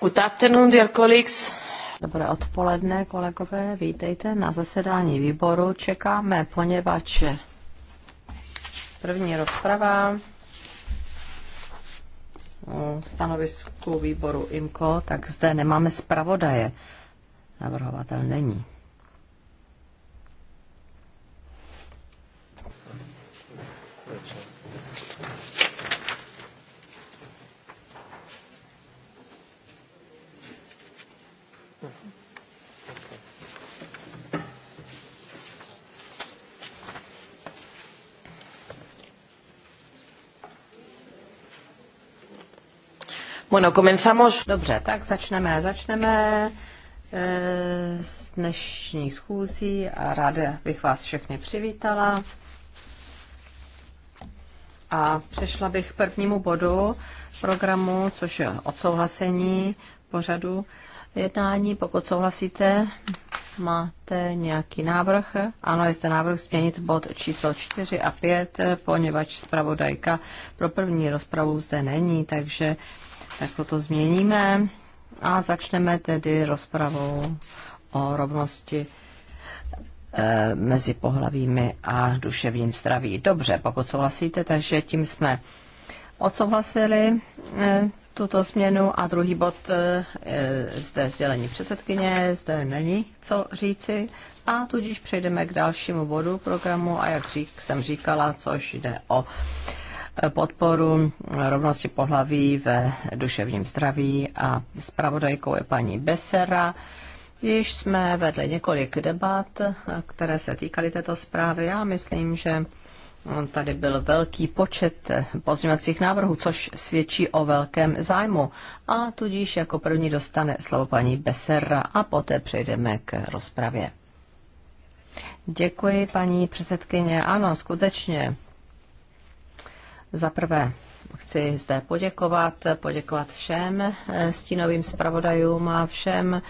Good afternoon, dear colleagues. Dobré odpoledne, kolegové, vítejte na zasedání výboru. Čekáme, poněvadž první rozprava stanovisku výboru IMCO, tak zde nemáme zpravodaje. Navrhovatel není. Bueno, comenzamos. Dobře, tak začneme, začneme eh, s dnešní schůzí a ráda bych vás všechny přivítala. A přešla bych k prvnímu bodu programu, což je odsouhlasení pořadu jednání. Pokud souhlasíte, máte nějaký návrh? Ano, je zde návrh změnit bod číslo 4 a 5, eh, poněvadž zpravodajka pro první rozpravu zde není, takže tak toto změníme a začneme tedy rozpravou o rovnosti eh, mezi pohlavími a duševním zdraví. Dobře, pokud souhlasíte, takže tím jsme odsouhlasili eh, tuto změnu a druhý bod eh, zde sdělení předsedkyně, zde není co říci a tudíž přejdeme k dalšímu bodu programu a jak řík, jsem říkala, což jde o podporu rovnosti pohlaví ve duševním zdraví a zpravodajkou je paní Besera. Již jsme vedli několik debat, které se týkaly této zprávy. Já myslím, že tady byl velký počet pozměňovacích návrhů, což svědčí o velkém zájmu. A tudíž jako první dostane slovo paní Besera a poté přejdeme k rozpravě. Děkuji, paní předsedkyně. Ano, skutečně za prvé chci zde poděkovat, poděkovat všem stínovým zpravodajům a všem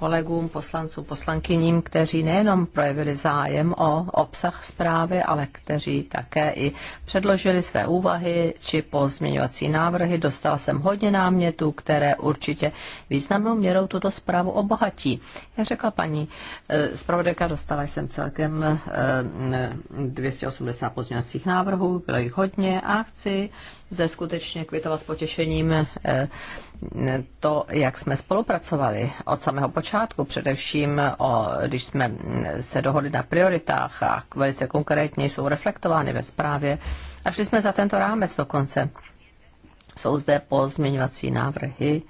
kolegům, poslancům, poslankyním, kteří nejenom projevili zájem o obsah zprávy, ale kteří také i předložili své úvahy či pozměňovací návrhy. dostal jsem hodně námětů, které určitě významnou měrou tuto zprávu obohatí. Jak řekla paní eh, zpravodajka, dostala jsem celkem 280 eh, pozměňovacích návrhů, bylo jich hodně a chci ze skutečně kvitovat s potěšením eh, to, jak jsme spolupracovali od samého počátku, především o, když jsme se dohodli na prioritách a velice konkrétně jsou reflektovány ve zprávě a šli jsme za tento rámec dokonce. Jsou zde pozměňovací návrhy,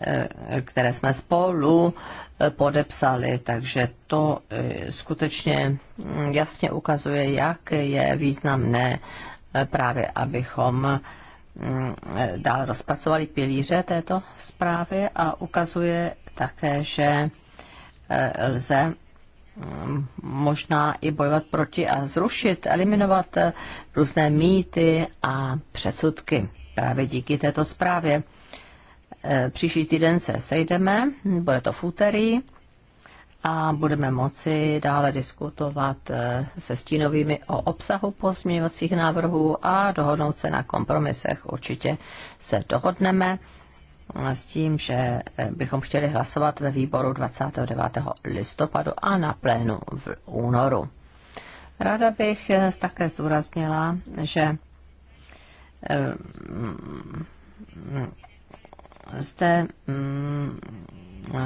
e, které jsme spolu e, podepsali, takže to e, skutečně mm, jasně ukazuje, jak je významné právě, abychom Mm, dále rozpracovali pilíře této zprávy a ukazuje také, že eh, lze mm, možná i bojovat proti a zrušit, eliminovat eh, různé mýty a předsudky právě díky této zprávě. Eh, příští týden se sejdeme, bude to v úterý a budeme moci dále diskutovat eh, se stínovými o obsahu pozměňovacích návrhů a dohodnout se na kompromisech. Určitě se dohodneme eh, s tím, že eh, bychom chtěli hlasovat ve výboru 29. listopadu a na plénu v únoru. Ráda bych také zdůraznila, že mm, mm, zde mm, Eh,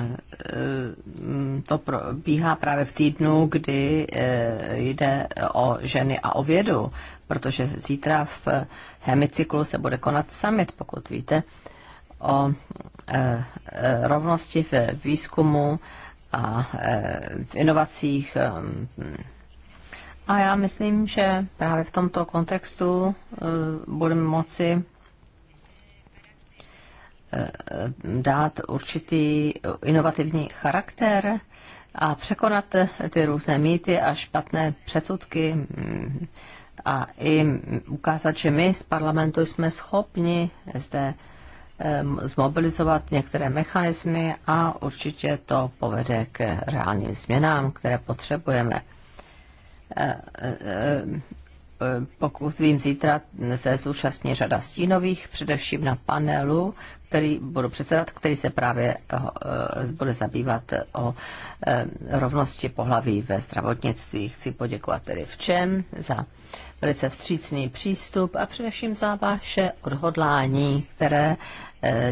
to probíhá právě v týdnu, kdy eh, jde o ženy a o vědu, protože zítra v eh, hemicyklu se bude konat summit, pokud víte, o rovnosti v výzkumu a v inovacích. A já myslím, že právě v tomto kontextu budeme moci dát určitý inovativní charakter a překonat ty různé mýty a špatné předsudky mm, a i ukázat, že my z parlamentu jsme schopni zde zmobilizovat některé mechanismy a určitě to povede k reálným změnám, které potřebujeme e, e, Eh, pokud vím, zítra se zúčastní řada stínových, především na panelu, který budu předsedat, který se právě eh, bude zabývat o eh, rovnosti pohlaví ve zdravotnictví. Chci poděkovat tedy všem za velice vstřícný přístup a především za vaše odhodlání, které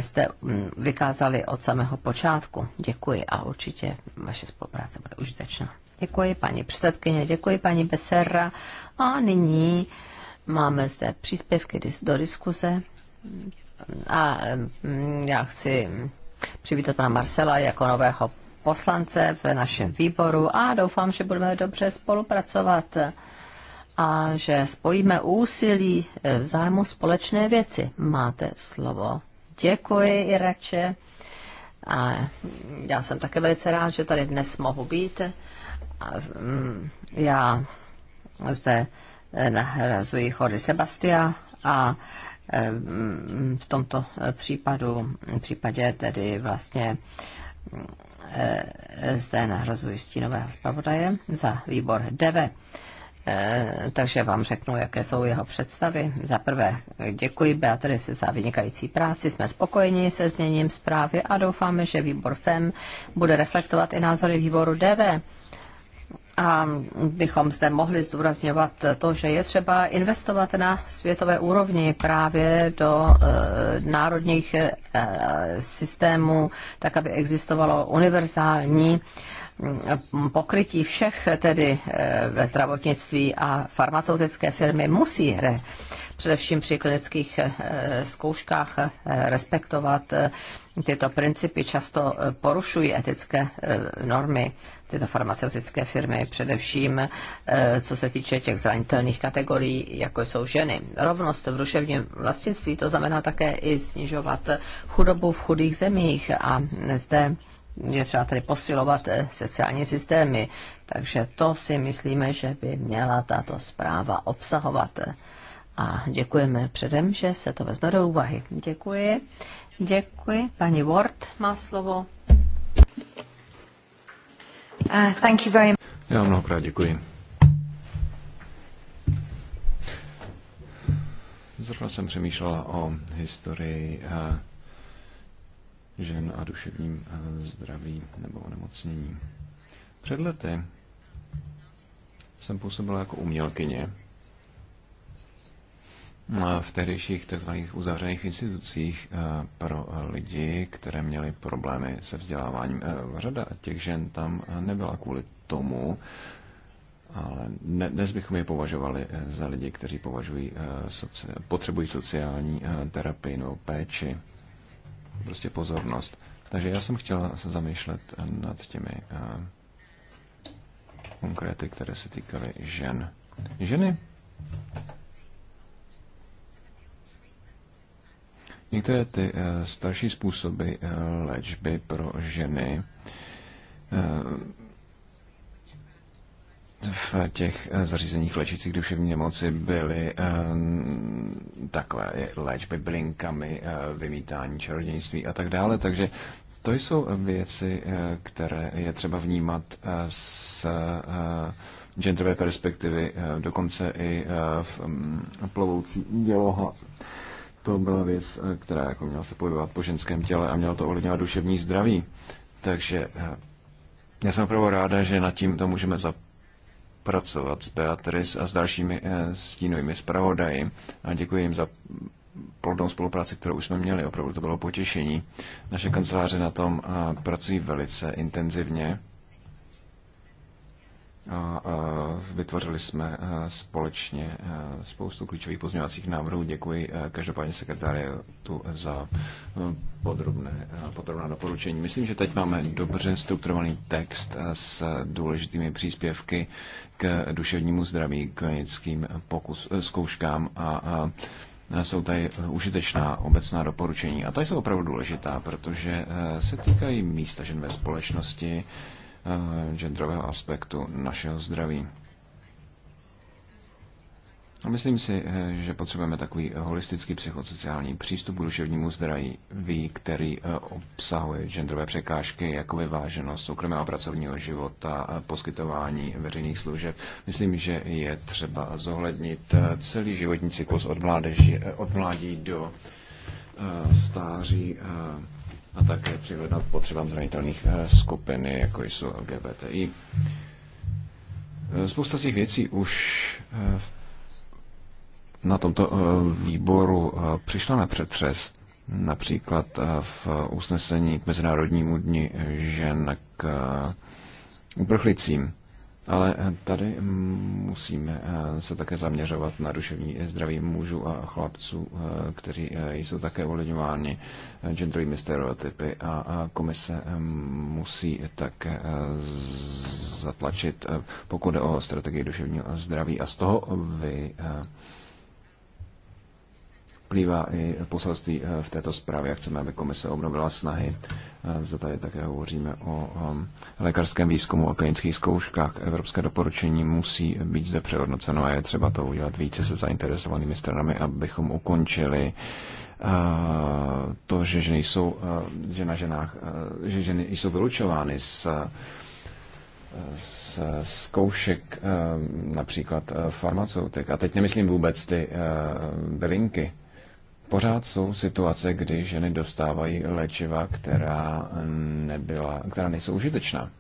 jste mm, vykázali od samého počátku. Děkuji a určitě vaše spolupráce bude užitečná. Děkuji paní předsedkyně, děkuji paní Beserra. A nyní máme zde příspěvky do diskuze. A mm, já chci přivítat pana Marcela jako nového poslance v našem výboru a doufám, že budeme dobře spolupracovat a že spojíme úsilí e, v zájmu společné věci. Máte slovo. Děkuji, Irače. A já jsem také velice rád, že tady dnes mohu být Mm, já zde nahrazuji chory Sebastia a mm, v tomto případu, případě tedy vlastně mm, zde nahrazuji stínového zpravodaje za výbor DV. E, takže vám řeknu, jaké jsou jeho představy. Za prvé, děkuji Beatrice za vynikající práci, jsme spokojeni se zněním zprávy a doufáme, že výbor FEM bude reflektovat i názory výboru DV a bychom zde mohli zdůrazňovat to, že je třeba investovat na světové úrovni právě do e, národních e, systémů, tak aby existovalo univerzální e, pokrytí všech tedy eh, ve zdravotnictví a farmaceutické firmy musí re, především při klinických eh, zkouškách eh, respektovat tyto principy, často porušují etické normy tyto farmaceutické firmy, především co se týče těch zranitelných kategorií, jako jsou ženy. Rovnost v ruševním vlastnictví, to znamená také i snižovat chudobu v chudých zemích a zde je třeba tady posilovat eh, sociální systémy. Takže to si myslíme, že by měla tato zpráva obsahovat. A děkujeme předem, že se to vezme do úvahy. Děkuji. Děkuji. Paní Ward má slovo. Uh, thank you very much. Já mnohokrát děkuji. Zrovna jsem přemýšlela o historii uh, žen a duševním eh, zdraví nebo onemocnění. Před lety jsem působila jako umělkyně eh, v tehdejších tzv. uzavřených institucích eh, pro lidi, které měly problémy se vzděláváním. Řada těch žen tam nebyla kvůli tomu, ale dnes bychom je považovali za lidi, kteří považují, potřebují sociální terapii nebo péči prostě pozornost. Takže já jsem chtěl se zamýšlet nad těmi eh, konkréty, které se týkaly žen. Ženy? Některé ty eh, starší způsoby eh, léčby pro ženy v těch eh, zařízeních léčících duševní nemoci byly eh, takové léčby blinkami, uh, eh, vymítání čarodějnictví a tak dále. Takže to jsou věci, které je třeba vnímat z uh, genderové perspektivy, dokonce i v mm, plovoucí děloha. To byla věc, která jako měla se pohybovat po ženském těle a měla to ovlivňovat duševní zdraví. Takže já jsem opravdu ráda, že nad tím to můžeme zapomínat pracovat s Beatrice a s dalšími eh, stínovými zpravodaji a děkuji jim za plodnou spolupráci, kterou už jsme měli. Opravdu to bylo potěšení. Naše kanceláře na tom eh, pracují velice intenzivně a vytvořili jsme společně spoustu klíčových pozměňovacích návrhů. Děkuji každopádně sekretariatu za podrobné, podrobné doporučení. Myslím, že teď máme dobře strukturovaný text s důležitými příspěvky k duševnímu zdraví, k klinickým pokus, e, zkouškám a jsou tady užitečná obecná doporučení. A tady jsou opravdu důležitá, protože e, se týkají místa žen ve společnosti, Eh, genderového aspektu našeho zdraví. A myslím si, eh, že potřebujeme takový holistický psychosociální přístup k duševnímu zdraví, který eh, obsahuje genderové překážky jako vyváženost soukromého pracovního života, poskytování veřejných služeb. Myslím, že je třeba zohlednit celý životní cyklus od, mládeži, od mládí do stáří a také přihlednout potřebám zranitelných eh, skupin, jako jsou LGBTI. Eh, spousta těch věcí už eh, na tomto výboru přišla na přetřes, například v usnesení k Mezinárodnímu dni žen k uprchlicím. Ale eh, tady eh, musíme eh, se také zaměřovat na duševní zdraví mužů a chlapců, kteří jsou také ovlivňováni genderovými stereotypy a komise musí také zatlačit, pokud jde o strategii duševního zdraví. A z toho vy vyplývá i poselství eh, v této zprávě. Chceme, aby komise obnovila snahy. Eh, Za tady také hovoříme o eh, lékařském výzkumu a klinických zkouškách. Evropské doporučení musí být zde přehodnoceno a je třeba to udělat více se zainteresovanými stranami, abychom ukončili to, že ženy jsou, že na ženách, že ženy jsou vylučovány z z zkoušek například farmaceutik. A teď nemyslím vůbec ty bylinky, Pořád jsou situace, kdy ženy dostávají léčiva, která, nebyla, která nejsou užitečná.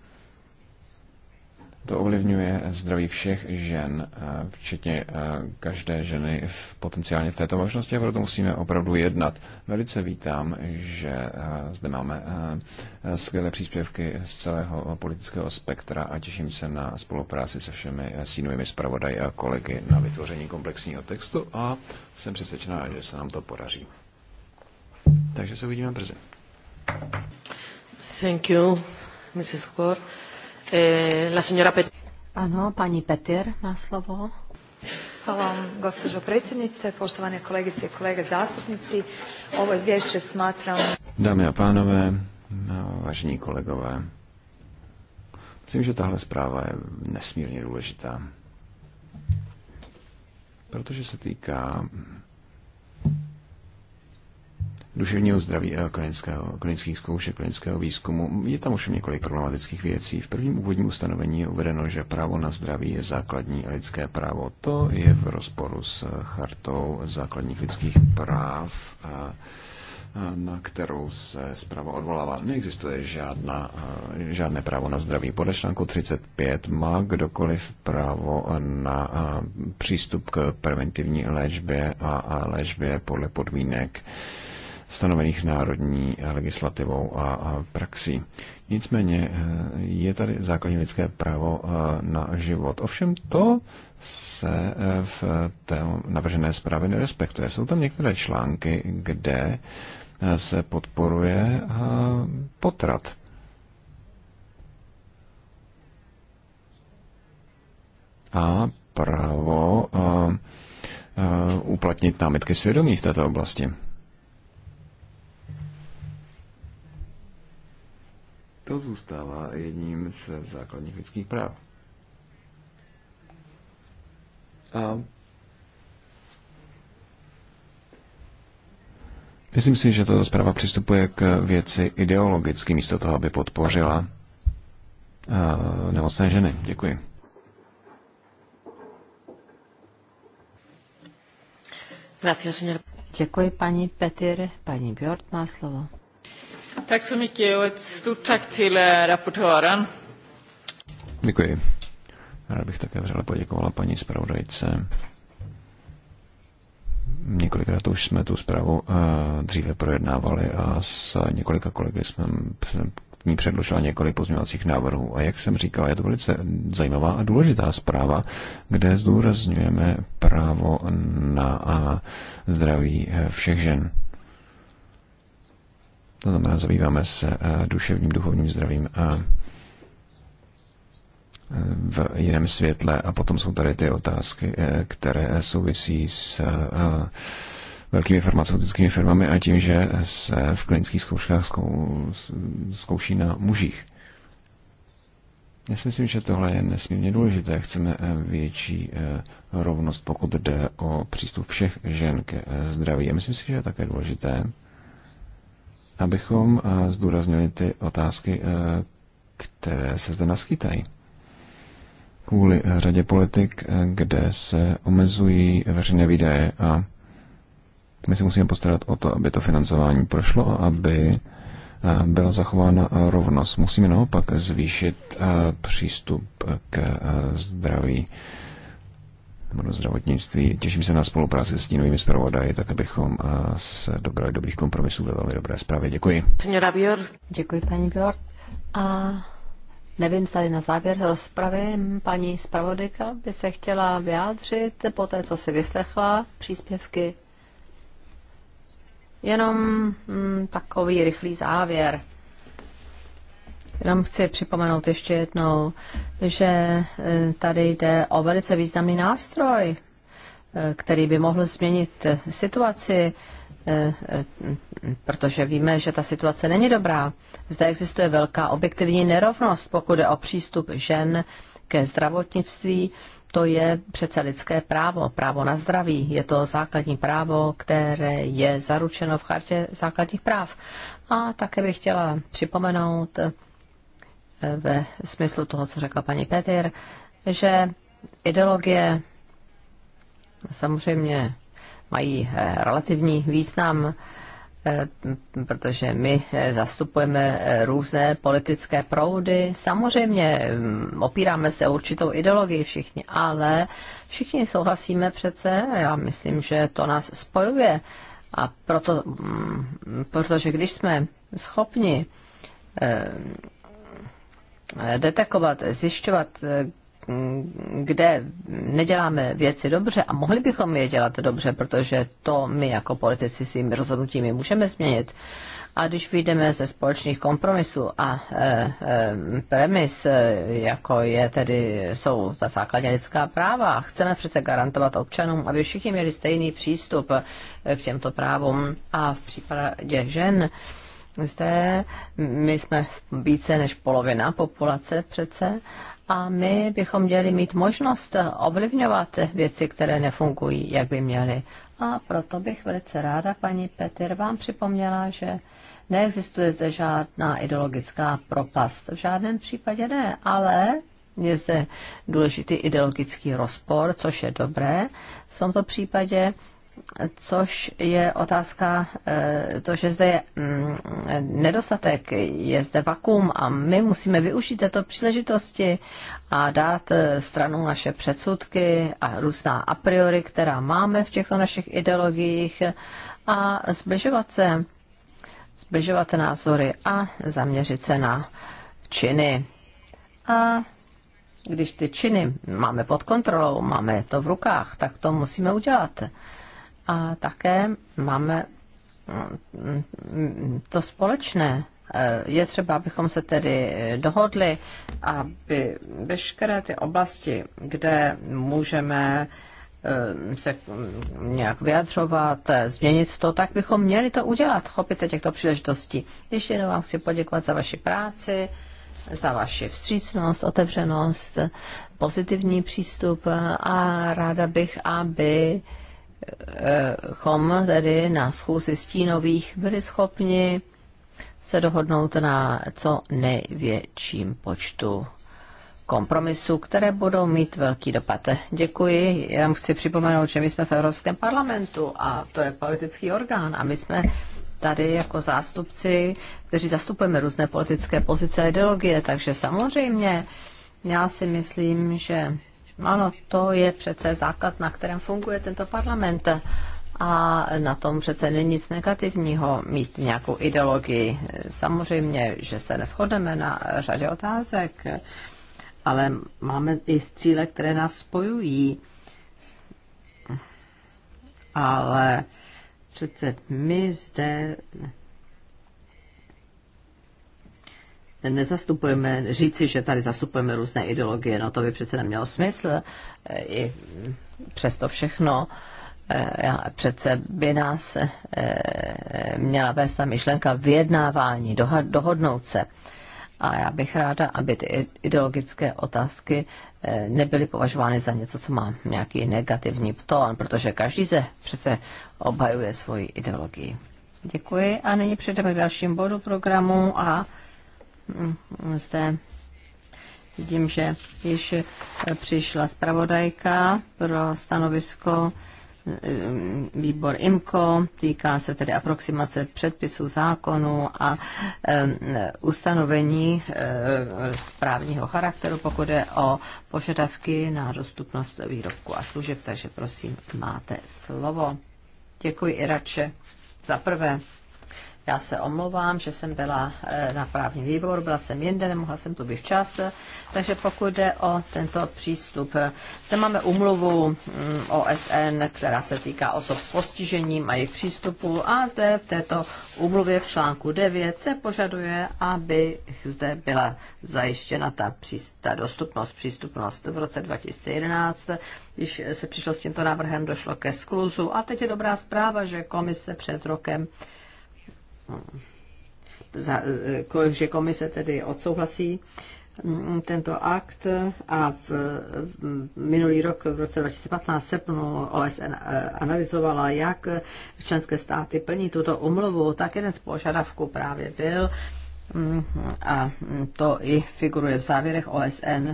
To ovlivňuje zdraví všech žen, eh, včetně eh, každé ženy v potenciálně v této možnosti a proto musíme opravdu jednat. Velice vítám, že eh, zde máme skvělé příspěvky z celého politického spektra a těším se na spolupráci se všemi sínovými zpravodaji a kolegy na vytvoření komplexního textu a jsem přesvědčená, že se nám to podaří. Takže se uvidíme brzy. Thank you, Mrs. Kaur. Eh, la señora Petir. Ano, paní Petir má slovo. Hvala vam, gospođo predsjednice, poštovane kolegice i kolege zastupnici. Ovo izvješće smatram... Dámy a pánové, vážení kolegové, myslím, že tahle zpráva je nesmírně důležitá, protože se týká duševního zdraví a klinického, klinických zkoušek, klinického výzkumu. Je tam už několik problematických věcí. V prvním úvodním ustanovení je uvedeno, že právo na zdraví je základní lidské právo. To je v rozporu s chartou základních lidských práv, na kterou se zpráva odvolává. Neexistuje žádná, žádné právo na zdraví. Podle článku 35 má kdokoliv právo na přístup k preventivní léčbě a léčbě podle podmínek, stanovených národní legislativou a praxí. Nicméně eh, je tady základní lidské právo eh, na život. Ovšem to se eh, v té navržené zprávě nerespektuje. Jsou tam některé články, kde se podporuje potrat. A právo uplatnit námitky svědomí v této oblasti. to zůstává jedním z základních lidských práv. A myslím si, že tato zpráva přistupuje k věci ideologicky, místo toho, aby podpořila uh, nemocné ženy. Děkuji. Děkuji paní Petir. Paní Bjord má slovo så mycket och ett stort tack till eh, rapportören. Děkuji. Rád bych také vřele poděkovala paní zpravodajce. Několikrát už jsme tu zprávu eh, dříve projednávali a s několika kolegy jsme k ní předložila několik pozměňovacích návrhů. A jak jsem říkal, je to velice zajímavá a důležitá zpráva, kde zdůrazňujeme právo na eh, zdraví všech žen. To znamená, zabýváme se eh, duševním, duchovním zdravím eh, v jiném světle. A potom jsou tady ty otázky, eh, které souvisí s velkými farmaceutickými firmami a tím, že se v klinických zkouškách zkouší na mužích. Já si myslím, že tohle je nesmírně důležité. Chceme větší rovnost, pokud jde o přístup všech žen ke zdraví. Já myslím si, že je také důležité, abychom eh, zdůraznili ty otázky, eh, které se zde naskytají. Kvůli eh, řadě politik, kde se omezují veřejné výdaje a my si musíme postarat o to, aby to financování prošlo a aby byla zachována rovnost. Musíme naopak zvýšit přístup k zdraví do zdravotnictví. Těším se na spolupráci s novými zpravodaji, tak abychom eh, se dobrali dobrých kompromisů ve velmi dobré zprávě. Děkuji. Signora Bior. Děkuji, paní Bior. A nevím, tady na závěr rozpravy paní zpravodajka by se chtěla vyjádřit po té, co si vyslechla příspěvky. Jenom mm, takový rychlý závěr. Jenom chci připomenout ještě jednou, že eh, tady jde o velice významný nástroj, eh, který by mohl změnit eh, situaci, protože víme, že ta situace není dobrá. Zde existuje velká objektivní nerovnost, pokud je o přístup žen ke zdravotnictví. To je přece lidské právo, právo na zdraví. Je to základní právo, které je zaručeno v chartě základních práv. A také bych chtěla připomenout, ve smyslu toho, co řekla paní Petr, že ideologie samozřejmě mají eh, relativní význam, eh, protože my eh, zastupujeme různé politické proudy. Samozřejmě mm, opíráme se určitou ideologii všichni, ale všichni souhlasíme přece, já myslím, že to nás spojuje. A proto, mm, protože když jsme schopni detekovat, zjišťovat, kde neděláme věci dobře a mohli bychom je dělat dobře, protože to my jako politici svými rozhodnutími můžeme změnit. A když vyjdeme ze společných kompromisů a e, e, premis, e, jako je tedy, jsou ta základně lidská práva, chceme přece garantovat občanům, aby všichni měli stejný přístup e, k těmto právům a v případě žen, e, zde my jsme více než polovina populace přece a my bychom měli mít možnost ovlivňovat věci, které nefungují, jak by měly. A proto bych velice ráda, paní Petr, vám připomněla, že neexistuje zde žádná ideologická propast. V žádném případě ne, ale je zde důležitý ideologický rozpor, což je dobré v tomto případě což je otázka, eh, to, že zde je mm, nedostatek, je zde vakuum a my musíme využít této příležitosti a dát eh, stranu naše předsudky a různá a priori, která máme v těchto našich ideologiích a zbližovat se, zbližovat názory a zaměřit se na činy. A když ty činy máme pod kontrolou, máme to v rukách, tak to musíme udělat. A také máme mm, to společné. Eh, je třeba, abychom se tedy dohodli, aby veškeré ty oblasti, kde můžeme eh, se nějak vyjadřovat, eh, změnit to, tak bychom měli to udělat, chopit se těchto příležitostí. Ještě jednou vám chci poděkovat za vaši práci, za vaši vstřícnost, otevřenost, pozitivní přístup a ráda bych, aby chom tedy na schůzi stínových byli schopni se dohodnout na co největším počtu kompromisů, které budou mít velký dopad. Děkuji. Já chci připomenout, že my jsme v Evropském parlamentu a to je politický orgán a my jsme tady jako zástupci, kteří zastupujeme různé politické pozice a ideologie, takže samozřejmě já si myslím, že ano, to je přece základ, na kterém funguje tento parlament. A na tom přece není nic negativního mít nějakou ideologii. Samozřejmě, že se neschodeme na řadě otázek, ale máme i cíle, které nás spojují. Ale přece my zde nezastupujeme, říci, že tady zastupujeme různé ideologie, no to by přece nemělo smysl. I přesto všechno eh, přece by nás eh, měla vést ta myšlenka vyjednávání, dohodnout se. A já bych ráda, aby ty ideologické otázky eh, nebyly považovány za něco, co má nějaký negativní tón, protože každý se přece obhajuje svoji ideologii. Děkuji a nyní přejdeme k dalším bodu programu a Mm, zde vidím, že již eh, přišla zpravodajka pro stanovisko eh, výbor IMCO, týká se tedy aproximace předpisů zákonu a eh, ustanovení správního charakteru, pokud je o požadavky na dostupnost výrobku a služeb. Takže prosím, máte slovo. Děkuji radše. Za prvé, já se omlouvám, že jsem byla eh, na právním výboru, byla jsem jinde, nemohla jsem tu být včas. Takže pokud jde o tento přístup, zde máme umluvu mm, OSN, která se týká osob s postižením a jejich přístupu a zde v této umluvě v článku 9 se požaduje, aby zde byla zajištěna ta, ta dostupnost, přístupnost. V roce 2011 když se přišlo s tímto návrhem, došlo ke skluzu. A teď je dobrá zpráva, že komise před rokem že komise tedy odsouhlasí mm, tento akt a v, minulý rok, v roce 2015, srpnu OSN analyzovala, jak členské státy plní tuto umluvu, tak jeden z požadavků právě byl, mm, a to i figuruje v závěrech OSN,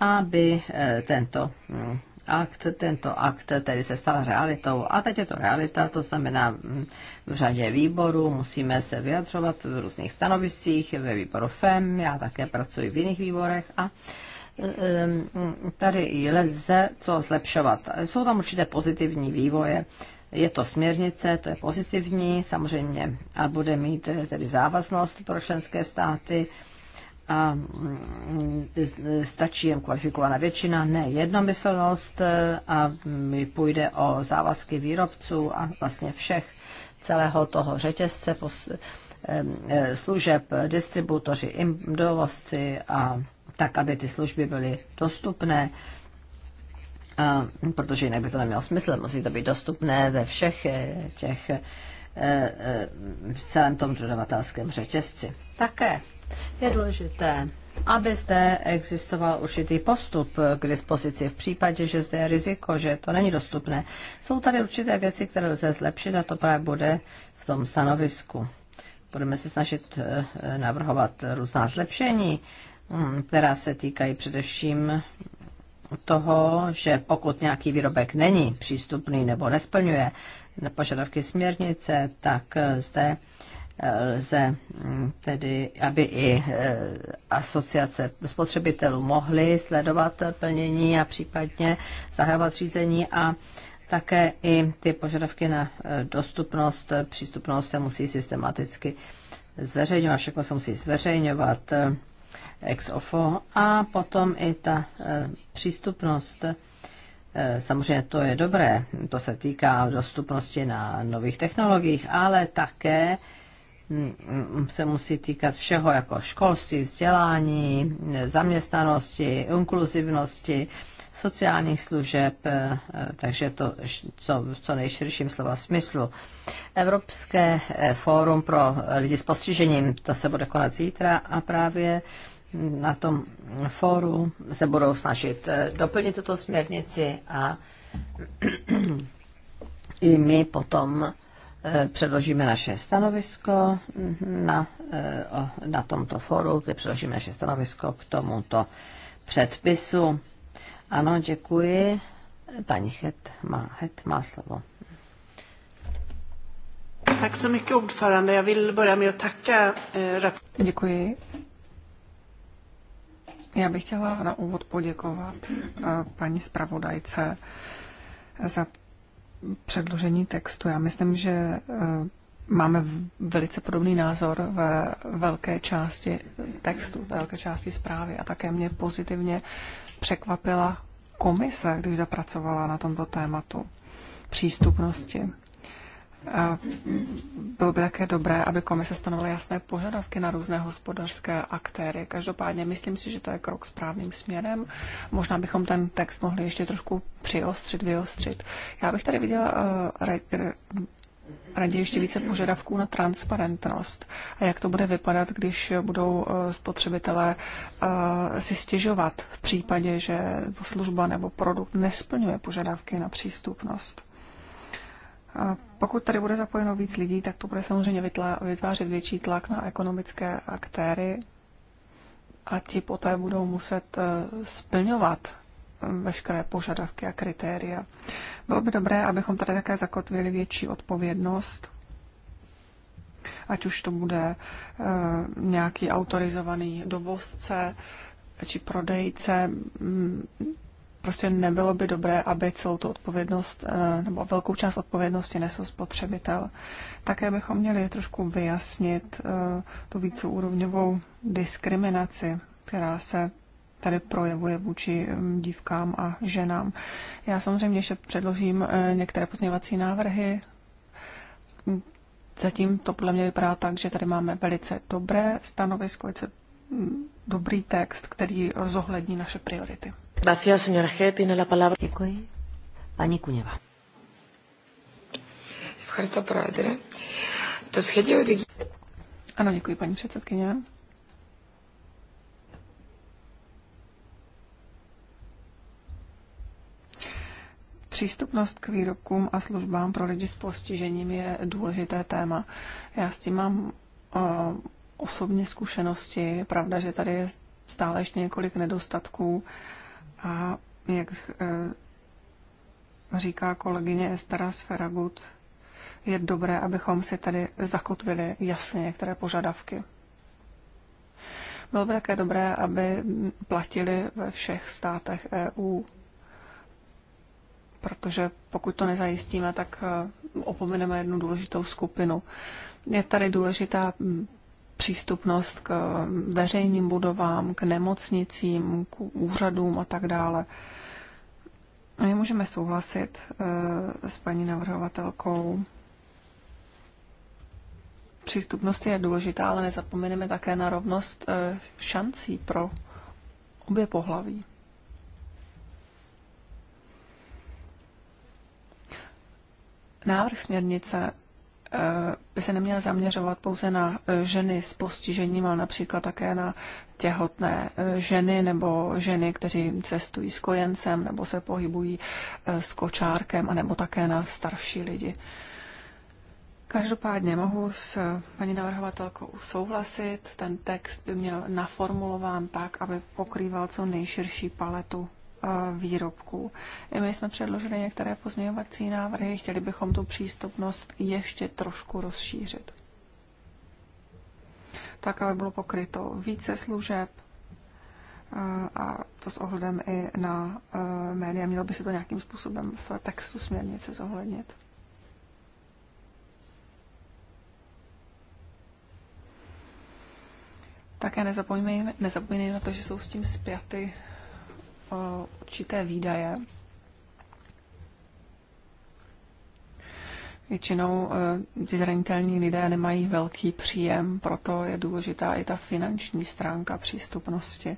aby eh, tento mm, akt, tento akt tedy se stal realitou. A teď je to realita, to znamená mm, v řadě výborů musíme se vyjadřovat v různých stanoviscích, ve výboru FEM, já také pracuji v jiných výborech a tady lze co zlepšovat. Jsou tam určité pozitivní vývoje, je to směrnice, to je pozitivní samozřejmě a bude mít tedy závaznost pro členské státy a mm, stačí jen kvalifikovaná většina, ne jednomyslnost e, a mi půjde o závazky výrobců a vlastně všech celého toho řetězce e, e, služeb, distributoři, dovozci a tak, aby ty služby byly dostupné, a, protože jinak by to nemělo smysl, musí to být dostupné ve všech těch Eh, eh, v celém tom dodavatelském řetězci. Také je důležité, aby zde existoval určitý postup k dispozici v případě, že zde je riziko, že to není dostupné. Jsou tady určité věci, které lze zlepšit a to právě bude v tom stanovisku. Budeme se snažit eh, navrhovat různá zlepšení, hm, která se týkají především toho, že pokud nějaký výrobek není přístupný nebo nesplňuje na požadavky směrnice, tak eh, zde eh, lze mm, tedy, aby i eh, asociace spotřebitelů mohly sledovat plnění a případně zahajovat řízení a také i ty požadavky na dostupnost, přístupnost se musí systematicky zveřejňovat, všechno se musí zveřejňovat ex ofo a potom i ta přístupnost Eh, samozřejmě to je dobré, to se týká dostupnosti na nových technologiích, ale také mm, mm, se musí týkat všeho jako školství, vzdělání, zaměstnanosti, inkluzivnosti, sociálních služeb, eh, takže to co, co nejširším slova smyslu. Evropské eh, fórum pro lidi s postižením, to se bude konat zítra a právě na tom fóru se budou snažit eh, doplnit tuto směrnici a i my potom eh, předložíme naše stanovisko na, eh, na tomto fóru, kde předložíme naše stanovisko k tomuto předpisu. Ano, děkuji. Paní Het má, Het má slovo. Tack så mycket ordförande. já vil börja med att tacka Děkuji, já bych chtěla na úvod poděkovat eh, paní zpravodajce za předložení textu. Já myslím, že eh, máme velice podobný názor ve velké části textu, ve velké části zprávy a také mě pozitivně překvapila komise, když zapracovala na tomto tématu přístupnosti bylo by také dobré, aby komise stanovila jasné požadavky na různé hospodářské aktéry. Každopádně myslím si, že to je krok správným směrem. Možná bychom ten text mohli ještě trošku přiostřit, vyostřit. Já bych tady viděla eh, raději ještě více požadavků na transparentnost a jak to bude vypadat, když budou eh, spotřebitelé eh, si stěžovat v případě, že služba nebo produkt nesplňuje požadavky na přístupnost. Pokud tady bude zapojeno víc lidí, tak to bude samozřejmě vytvářet větší tlak na ekonomické aktéry a ti poté budou muset eh, splňovat eh, veškeré požadavky a kritéria. Bylo by dobré, abychom tady také zakotvili větší odpovědnost, ať už to bude eh, nějaký autorizovaný dovozce či prodejce. Mm, prostě nebylo by dobré, aby celou tu odpovědnost eh, nebo velkou část odpovědnosti nesl spotřebitel. Také bychom měli trošku vyjasnit eh, tu víceúrovňovou diskriminaci, která se tady projevuje vůči dívkám a ženám. Já samozřejmě ještě předložím eh, některé pozměňovací návrhy. Zatím to podle mě vypadá tak, že tady máme velice dobré stanovisko, mm, dobrý text, který zohlední naše priority. Děkuji. Paní Kuněva. Ano, děkuji, paní předsedkyně. Přístupnost k výrobkům a službám pro lidi s postižením je důležité téma. Já s tím mám uh, osobně zkušenosti. Pravda, že tady je stále ještě několik nedostatků. Uh, a jak eh, říká kolegyně Estera Sferagut, je dobré, abychom si tady zakotvili jasně některé požadavky. Bylo by také dobré, aby platili ve všech státech EU, protože pokud to nezajistíme, tak eh, opomeneme jednu důležitou skupinu. Je tady důležitá hm, přístupnost k veřejným budovám, k nemocnicím, k úřadům a tak dále. My můžeme souhlasit eh, s paní navrhovatelkou. Přístupnost je důležitá, ale nezapomeneme také na rovnost eh, šancí pro obě pohlaví. Návrh směrnice by se neměl zaměřovat pouze na e, ženy s postižením, ale například také na těhotné e, ženy nebo ženy, kteří cestují s kojencem nebo se pohybují e, s kočárkem, nebo také na starší lidi. Každopádně mohu s paní navrhovatelkou souhlasit. Ten text by měl naformulován tak, aby pokrýval co nejširší paletu výrobků. I my jsme předložili některé pozměňovací návrhy, chtěli bychom tu přístupnost ještě trošku rozšířit. Tak, aby bylo pokryto více služeb a to s ohledem i na média. Mělo by se to nějakým způsobem v textu směrnice zohlednit. Také nezapomínejme, nezapomínejme na to, že jsou s tím spjaty Eh, určité výdaje. Většinou eh, ty zranitelní lidé nemají velký příjem, proto je důležitá i ta finanční stránka přístupnosti.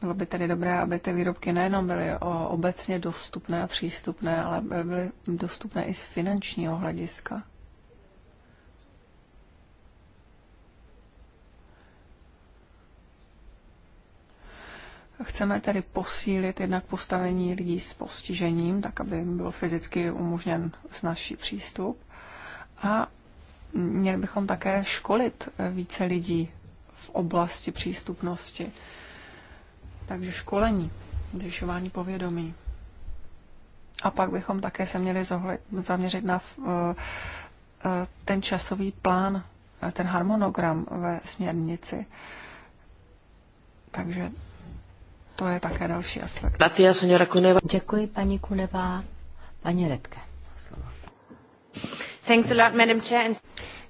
Bylo by tedy dobré, aby ty výrobky nejenom byly eh, obecně dostupné a přístupné, ale byly dostupné i z finančního hlediska. Chceme tedy posílit jednak postavení lidí s postižením, tak aby jim byl fyzicky umožněn snažší přístup. A měli bychom také školit eh, více lidí v oblasti přístupnosti. Takže školení, zvyšování povědomí. A pak bychom také se měli zaměřit na eh, eh, ten časový plán, ten harmonogram ve směrnici. Takže to je také další aspekt. Děkuji, paní Kuneva. Paní Redke. Thanks a lot, Madam Chair.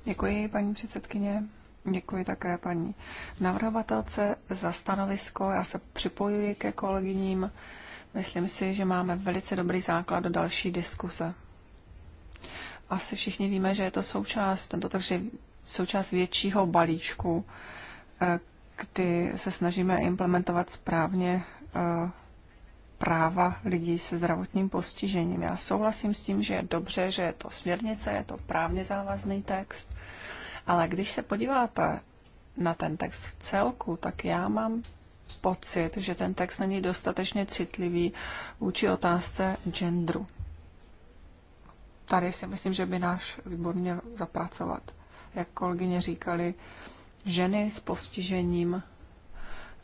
Děkuji, paní předsedkyně. Děkuji také paní navrhovatelce za stanovisko. Já se připojuji ke kolegyním. Myslím si, že máme velice dobrý základ do další diskuze. Asi všichni víme, že je to součást, tento takže součást většího balíčku, eh, kdy se snažíme implementovat správně eh, práva lidí se zdravotním postižením. Já souhlasím s tím, že je dobře, že je to směrnice, je to právně závazný text, ale když se podíváte na ten text v celku, tak já mám pocit, že ten text není dostatečně citlivý vůči otázce genderu. Tady si myslím, že by náš výbor měl zapracovat. Jak kolegyně říkali, ženy s postižením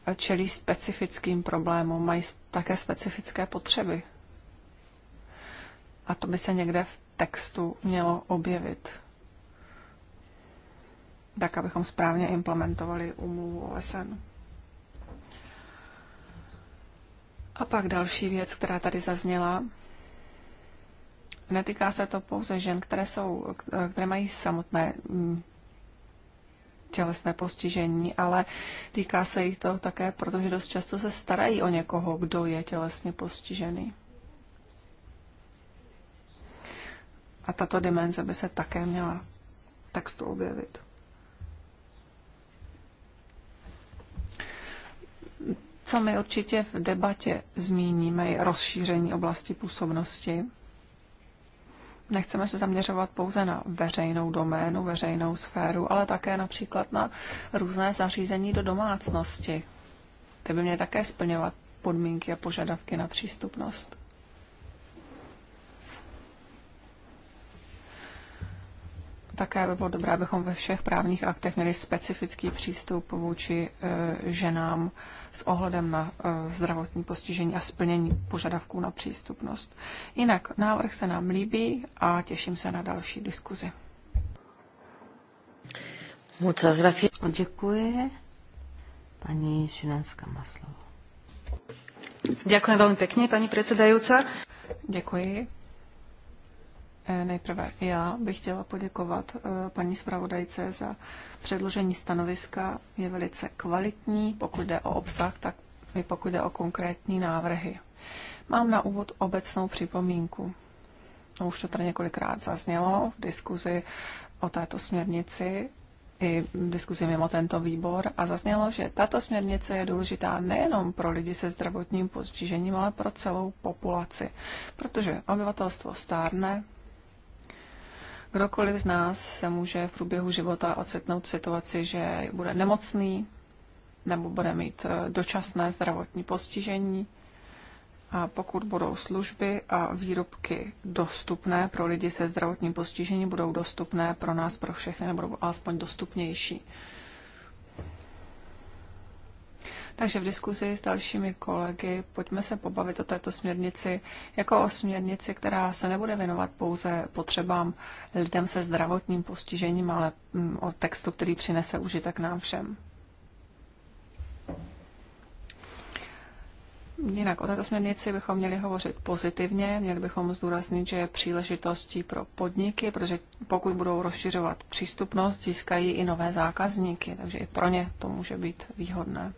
eh, čelí specifickým problémům, mají také specifické potřeby. A to by se někde v textu mělo objevit. Tak, abychom správně implementovali umluvu OSN. A pak další věc, která tady zazněla. Netýká se to pouze žen, které, jsou, eh, které mají samotné mm, tělesné postižení, ale týká se jich to také, protože dost často se starají o někoho, kdo je tělesně postižený. A tato dimenze by se také měla textu objevit. Co my určitě v debatě zmíníme, je rozšíření oblasti působnosti Nechceme se zaměřovat pouze na veřejnou doménu, veřejnou sféru, ale také například na různé zařízení do domácnosti. Ty by měly také splňovat podmínky a požadavky na přístupnost. Také by bylo dobré, abychom ve všech právních aktech měli specifický přístup vůči e, ženám s ohledem na e, zdravotní postižení a splnění požadavků na přístupnost. Jinak návrh se nám líbí a těším se na další diskuzi. Muchas Děkuji. Pani Šinenská Maslova. Děkuji velmi pěkně, paní pani Děkuji. Eh, nejprve já bych chtěla poděkovat eh, paní zpravodajce za předložení stanoviska. Je velice kvalitní, pokud jde o obsah, tak i pokud jde o konkrétní návrhy. Mám na úvod obecnou připomínku. No, už to tady několikrát zaznělo v diskuzi o této směrnici i diskuzi mimo tento výbor a zaznělo, že tato směrnice je důležitá nejenom pro lidi se zdravotním postižením, ale pro celou populaci, protože obyvatelstvo stárne, Kdokoliv z nás se může v průběhu života ocitnout situaci, že bude nemocný nebo bude mít e, dočasné zdravotní postižení. A pokud budou služby a výrobky dostupné pro lidi se zdravotním postižením, budou dostupné pro nás, pro všechny, nebo alespoň dostupnější. Takže v diskuzi s dalšími kolegy pojďme se pobavit o této směrnici jako o směrnici, která se nebude věnovat pouze potřebám lidem se zdravotním postižením, ale mm, o textu, který přinese užitek nám všem. Jinak o této směrnici bychom měli hovořit pozitivně, měli bychom zdůraznit, že je příležitostí pro podniky, protože pokud budou rozšiřovat přístupnost, získají i nové zákazníky, takže i pro ně to může být výhodné.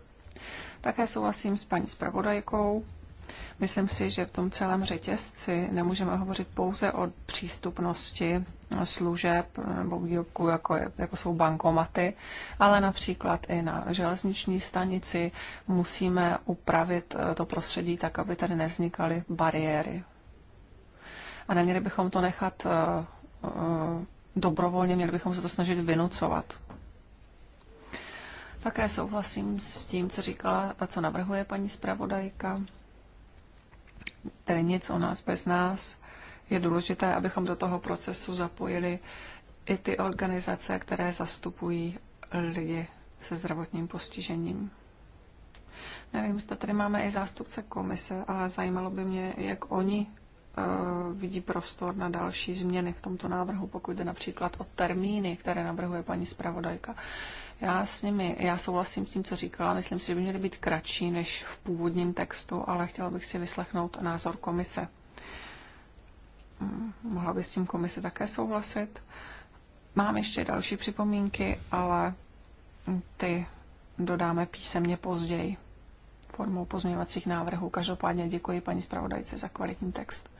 Také souhlasím s paní zpravodajkou. Myslím si, že v tom celém řetězci nemůžeme hovořit pouze o přístupnosti služeb nebo výrobků, jako, jako jsou bankomaty, ale například i na železniční stanici musíme upravit eh, to prostředí tak, aby tady nevznikaly bariéry. A neměli bychom to nechat eh, eh, dobrovolně, měli bychom se to snažit vynucovat. Také souhlasím s tím, co říkala a co navrhuje paní zpravodajka. Tedy nic o nás bez nás. Je důležité, abychom do toho procesu zapojili i ty organizace, které zastupují lidi se zdravotním postižením. Nevím, zda tady máme i zástupce komise, ale zajímalo by mě, jak oni Eh, vidí prostor na další změny v tomto návrhu, pokud jde například o termíny, které navrhuje paní zpravodajka. Já s nimi, já souhlasím s tím, co říkala, myslím si, že by měly být kratší než v původním textu, ale chtěla bych si vyslechnout názor komise. Mm, mohla by s tím komise také souhlasit. Mám ještě další připomínky, ale ty dodáme písemně později formou pozměňovacích návrhů. Každopádně děkuji paní zpravodajce za kvalitní text.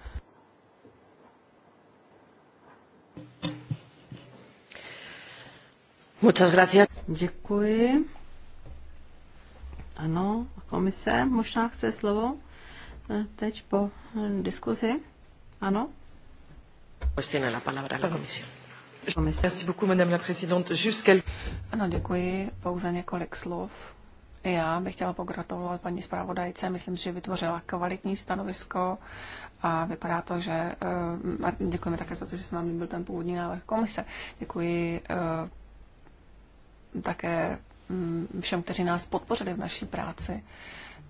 Muchas gracias. Děkuji. Ano, komise možná chce slovo e, teď po e, diskuzi. Ano? Pues tiene la palabra la comisión. Merci beaucoup, madame la présidente. Juste Ano, děkuji. Pouze několik slov. Já bych chtěla pogratulovat paní zpravodajce. Myslím, že vytvořila kvalitní stanovisko a vypadá to, že eh, a děkujeme také za to, že se námi byl ten původní návrh komise. Děkuji eh, také mm, všem, kteří nás podpořili v naší práci.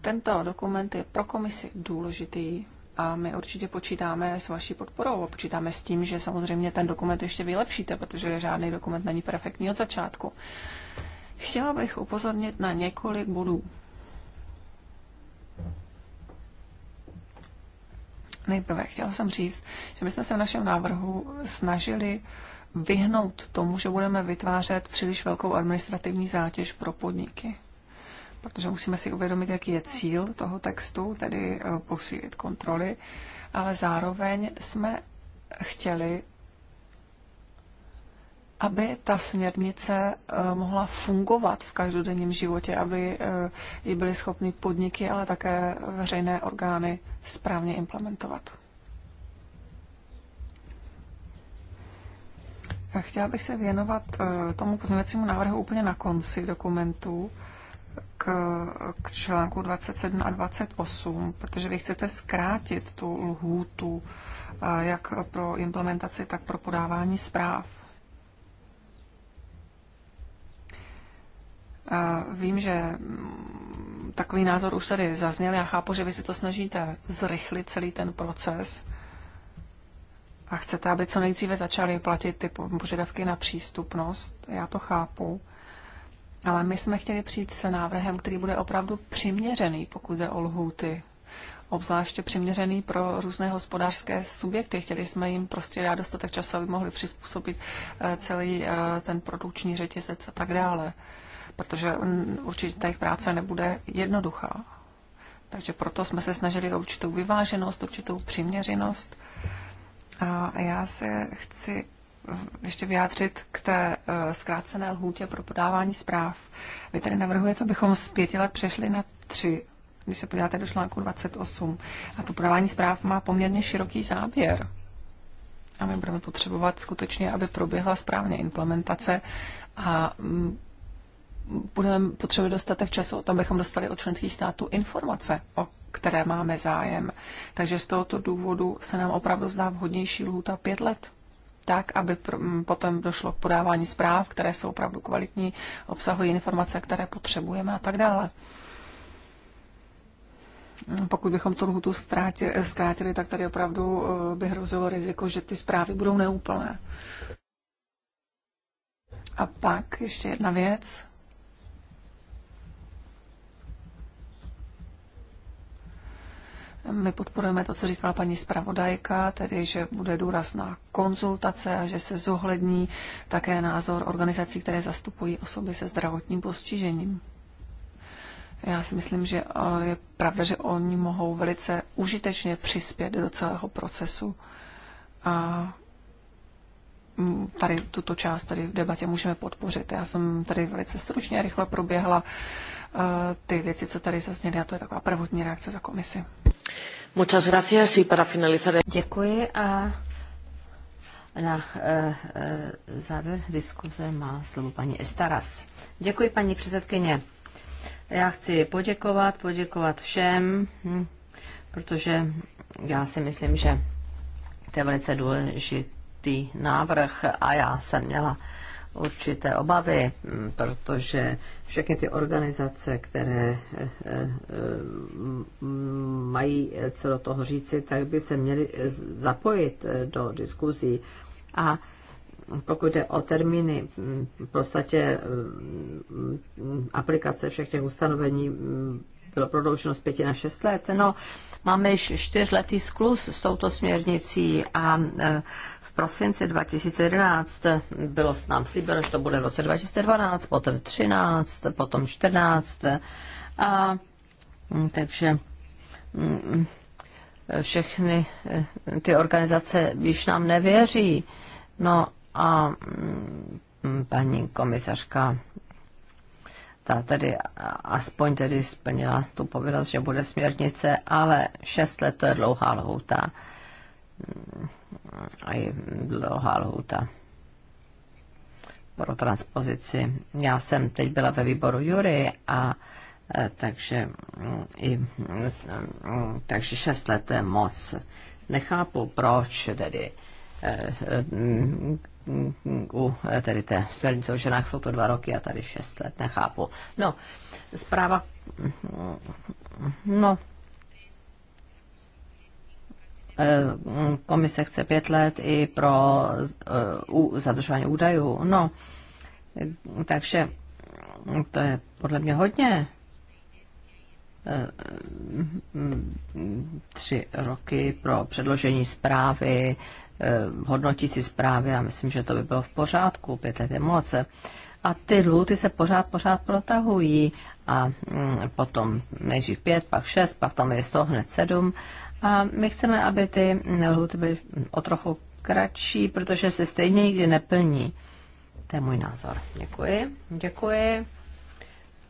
Tento dokument je pro komisi důležitý a my určitě počítáme s vaší podporou a počítáme s tím, že samozřejmě ten dokument ještě vylepšíte, protože žádný dokument není perfektní od začátku. Chtěla bych upozornit na několik bodů. Nejprve chtěla jsem říct, že my jsme se v našem návrhu snažili vyhnout tomu, že budeme vytvářet příliš velkou administrativní zátěž pro podniky. Protože musíme si uvědomit, jaký je cíl toho textu, tedy eh, posílit kontroly, ale zároveň jsme chtěli aby ta směrnice eh, mohla fungovat v každodenním životě, aby eh, ji byly schopny podniky, ale také veřejné orgány správně implementovat. A chtěla bych se věnovat eh, tomu pozměňovacímu návrhu úplně na konci dokumentu k, k článku 27 a 28, protože vy chcete zkrátit tu lhůtu jak pro implementaci, tak pro podávání zpráv. Vím, že takový názor už tady zazněl. Já chápu, že vy si to snažíte zrychlit celý ten proces a chcete, aby co nejdříve začaly platit ty požadavky na přístupnost. Já to chápu. Ale my jsme chtěli přijít se návrhem, který bude opravdu přiměřený, pokud jde o lhůty. Obzvláště přiměřený pro různé hospodářské subjekty. Chtěli jsme jim prostě dát dostatek času, aby mohli přizpůsobit eh, celý eh, ten produkční řetězec a tak dále protože mm, určitě ta jejich práce nebude jednoduchá. Takže proto jsme se snažili o určitou vyváženost, určitou přiměřenost. A já se chci ještě vyjádřit k té e, zkrácené lhůtě pro podávání zpráv. Vy tady navrhujete, abychom z pěti let přešli na tři, když se podíváte do článku 28. A to podávání zpráv má poměrně široký záběr. A my budeme potřebovat skutečně, aby proběhla správně implementace a mm, budeme potřebovat dostatek času, tam bychom dostali od členských států informace, o které máme zájem. Takže z tohoto důvodu se nám opravdu zdá vhodnější lhůta pět let tak, aby potom došlo k podávání zpráv, které jsou opravdu kvalitní, obsahují informace, které potřebujeme a tak dále. Pokud bychom tu lhutu zkrátili, zkrátili, tak tady opravdu eh, by hrozilo riziko, že ty zprávy budou neúplné. A pak ještě jedna věc. My podporujeme to, co říkala paní zpravodajka, tedy že bude důraz na konzultace a že se zohlední také názor organizací, které zastupují osoby se zdravotním postižením. Já si myslím, že eh, je pravda, že oni mohou velice užitečně přispět do celého procesu. A tady tuto část tady v debatě můžeme podpořit. Já jsem tady velice stručně a rychle proběhla eh, ty věci, co tady zazněly a to je taková prvotní reakce za komisi. Muchas gracias y para finalizar... Děkuji a na uh, uh, závěr diskuze má slovo paní Estaras. Děkuji, paní předsedkyně. Já chci poděkovat, poděkovat všem, hm, protože já si myslím, že to je velice důležité ty návrh a já jsem měla určité obavy, mm, protože všechny ty organizace, které eh, eh, mm, mají co do toho říci, tak by se měly zapojit eh, do diskuzí. A pokud jde o termíny, mm, v podstatě aplikace všech těch ustanovení bylo prodlouženo z pěti na šest let. No, máme již čtyřletý sklus s touto směrnicí a prosinci 2011. Bylo nám slíbeno, že to bude v roce 2012, potom 13, potom 14. A mm, takže mm, všechny eh, ty organizace již nám nevěří. No a mm, paní komisařka ta tedy aspoň tedy splnila tu povinnost, že bude směrnice, ale 6 let to je dlouhá lhůta a je dlouhá lhůta pro transpozici. Já jsem teď byla ve výboru Jury a eh, takže, mm, i, mm, mm, takže šest let je moc. Nechápu, proč tedy eh, u eh, tedy té směrnice o ženách jsou to dva roky a tady šest let, nechápu. No, zpráva, no, Eh, komise chce pět let i pro eh, zadržování údajů. No, takže to je podle mě hodně. Eh, tři roky pro předložení zprávy, hodnotící zprávy a myslím, že to by bylo v pořádku, pět let je moc. A ty lhuty se pořád, pořád protahují a mm, potom nejdřív pět, pak šest, pak tam je z toho hned sedm a my chceme, aby ty lhuty byly o trochu kratší, protože se stejně nikdy neplní. To je můj názor. Děkuji. Děkuji.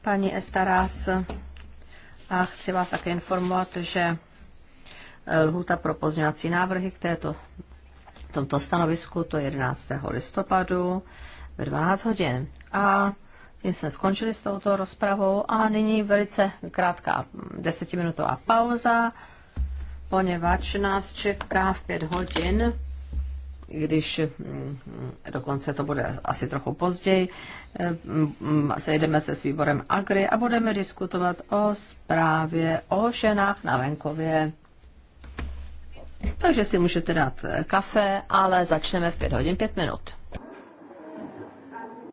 Paní Estaras, a chci vás také informovat, že lhuta pro pozměňovací návrhy k této, tomto stanovisku to je 11. listopadu ve 12 hodin. A tím jsme skončili s touto rozpravou a nyní velice krátká desetiminutová pauza poněvadž nás čeká v pět hodin, když mm, dokonce to bude asi trochu později, mm, mm, sejdeme se s výborem Agri a budeme diskutovat o zprávě o ženách na venkově. Takže si můžete dát kafe, ale začneme v pět hodin pět minut.